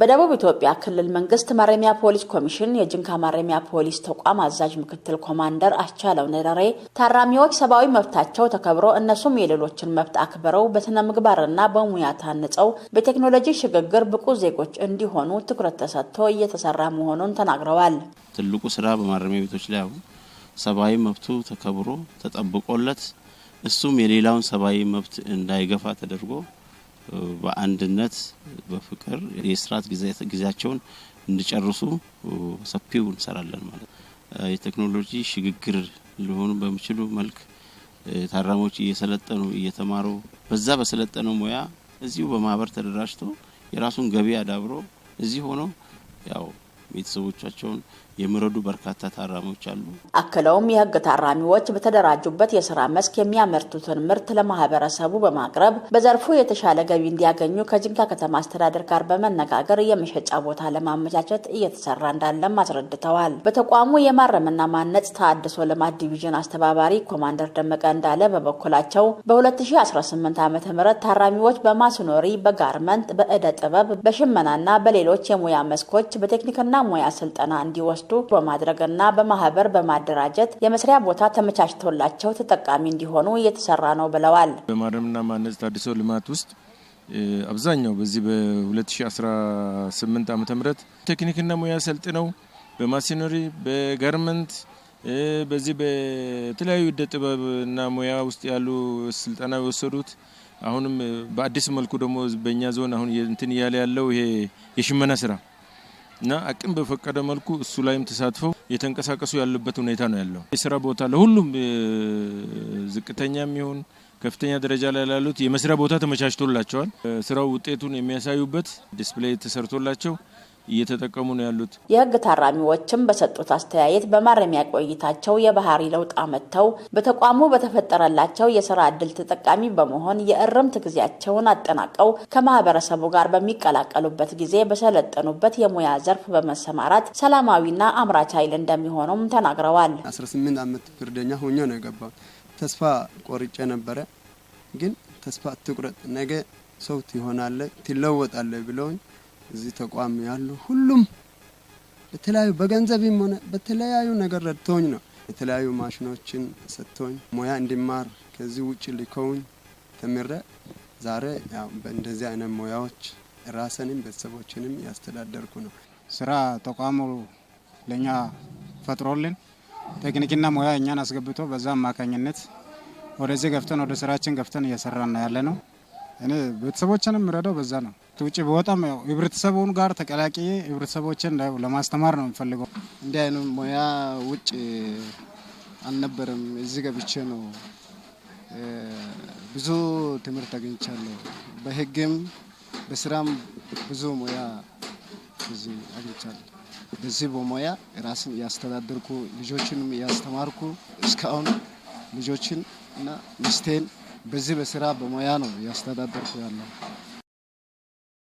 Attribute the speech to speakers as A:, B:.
A: በደቡብ ኢትዮጵያ ክልል መንግስት ማረሚያ ፖሊስ ኮሚሽን የጅንካ ማረሚያ ፖሊስ ተቋም አዛዥ ምክትል ኮማንደር አስቻለው ነደሬ ታራሚዎች ሰብአዊ መብታቸው ተከብሮ እነሱም የሌሎችን መብት አክብረው በስነ ምግባርና በሙያ ታንጸው በቴክኖሎጂ ሽግግር ብቁ ዜጎች እንዲሆኑ ትኩረት ተሰጥቶ እየተሰራ መሆኑን ተናግረዋል።
B: ትልቁ ስራ በማረሚያ ቤቶች ላይ አሁን ሰብአዊ መብቱ ተከብሮ ተጠብቆለት እሱም የሌላውን ሰብአዊ መብት እንዳይገፋ ተደርጎ በአንድነት በፍቅር የስርዓት ጊዜያቸውን እንዲጨርሱ ሰፊው እንሰራለን ማለት ነው። የቴክኖሎጂ ሽግግር ሊሆኑ በሚችሉ መልክ ታራሞች እየሰለጠኑ እየተማሩ በዛ በሰለጠነው ሙያ እዚሁ በማህበር ተደራጅቶ የራሱን ገቢ አዳብሮ እዚህ ሆኖ ያው ቤተሰቦቻቸውን የሚረዱ በርካታ ታራሚዎች አሉ።
A: አክለውም የህግ ታራሚዎች በተደራጁበት የስራ መስክ የሚያመርቱትን ምርት ለማህበረሰቡ በማቅረብ በዘርፉ የተሻለ ገቢ እንዲያገኙ ከጅንካ ከተማ አስተዳደር ጋር በመነጋገር የመሸጫ ቦታ ለማመቻቸት እየተሰራ እንዳለም አስረድተዋል። በተቋሙ የማረምና ማነጽ ተሃድሶ ልማት ዲቪዥን አስተባባሪ ኮማንደር ደመቀ እንዳለ በበኩላቸው በ2018 ዓ ም ታራሚዎች በማስኖሪ፣ በጋርመንት፣ በእደ ጥበብ፣ በሽመናና በሌሎች የሙያ መስኮች በቴክኒክና ሙያ ስልጠና እንዲወስዱ በማድረግና በማህበር በማደራጀት የመስሪያ ቦታ ተመቻችቶላቸው ተጠቃሚ እንዲሆኑ እየተሰራ ነው ብለዋል።
B: በማረምና ማነጽ ታድሶ ልማት ውስጥ አብዛኛው በዚህ በ2018 ዓ ም ቴክኒክና ሙያ ሰልጥነው በማሲኖሪ በጋርመንት በዚህ በተለያዩ እደ ጥበብና ሙያ ውስጥ ያሉ ስልጠና የወሰዱት አሁንም በአዲስ መልኩ ደግሞ በእኛ ዞን አሁን እንትን እያለ ያለው ይሄ የሽመና ስራ እና አቅም በፈቀደ መልኩ እሱ ላይም ተሳትፈው እየተንቀሳቀሱ ያለበት ሁኔታ ነው ያለው። የስራ ቦታ ለሁሉም ዝቅተኛ የሚሆን ከፍተኛ ደረጃ ላይ ላሉት የመስሪያ ቦታ ተመቻችቶላቸዋል። ስራው ውጤቱን የሚያሳዩበት ዲስፕሌይ ተሰርቶላቸው እየተጠቀሙ ነው ያሉት።
A: የህግ ታራሚዎችም በሰጡት አስተያየት በማረሚያ ቆይታቸው የባህሪ ለውጥ አመጥተው በተቋሙ በተፈጠረላቸው የስራ እድል ተጠቃሚ በመሆን የእርምት ጊዜያቸውን አጠናቀው ከማህበረሰቡ ጋር በሚቀላቀሉበት ጊዜ በሰለጠኑበት የሙያ ዘርፍ በመሰማራት ሰላማዊና አምራች ኃይል እንደሚሆኑም ተናግረዋል።
C: 18 ዓመት ፍርደኛ ሆኜ ነው የገባው። ተስፋ ቆርጬ ነበረ፣ ግን ተስፋ ትቁረጥ፣ ነገ ሰው ትሆናለህ፣ ትለወጣለ ብለውኝ እዚህ ተቋም ያሉ ሁሉም በተለያዩ በገንዘብም ሆነ በተለያዩ ነገር ረድቶኝ ነው። የተለያዩ ማሽኖችን ሰጥቶኝ ሙያ እንዲማር ከዚህ ውጭ ልከውኝ ተምረ ዛሬ ያው በእንደዚህ አይነት ሙያዎች ራሰንም ቤተሰቦችንም ያስተዳደርኩ ነው።
D: ስራ ተቋሙ ለእኛ ፈጥሮልን ቴክኒክና ሙያ እኛን አስገብቶ በዛ አማካኝነት ወደዚህ ገፍተን ወደ ስራችን ገፍተን እየሰራን ያለ ነው። እኔ ቤተሰቦችንም ረዳው በዛ ነው። ውጭ በወጣም ያው ህብረተሰቡን ጋር ተቀላቂ ህብረተሰቦችን ለማስተማር ነው የምፈልገው።
E: እንዲህ አይነት ሙያ ውጭ አልነበረም። እዚህ ገብቼ ነው ብዙ ትምህርት አግኝቻለሁ። በህግም በስራም ብዙ ሙያ እዚህ አግኝቻለሁ። በዚህ በሙያ ራስን እያስተዳደርኩ ልጆችንም እያስተማርኩ እስካሁን ልጆችን እና ሚስቴን በዚህ በስራ በሙያ ነው እያስተዳደርኩ ያለው።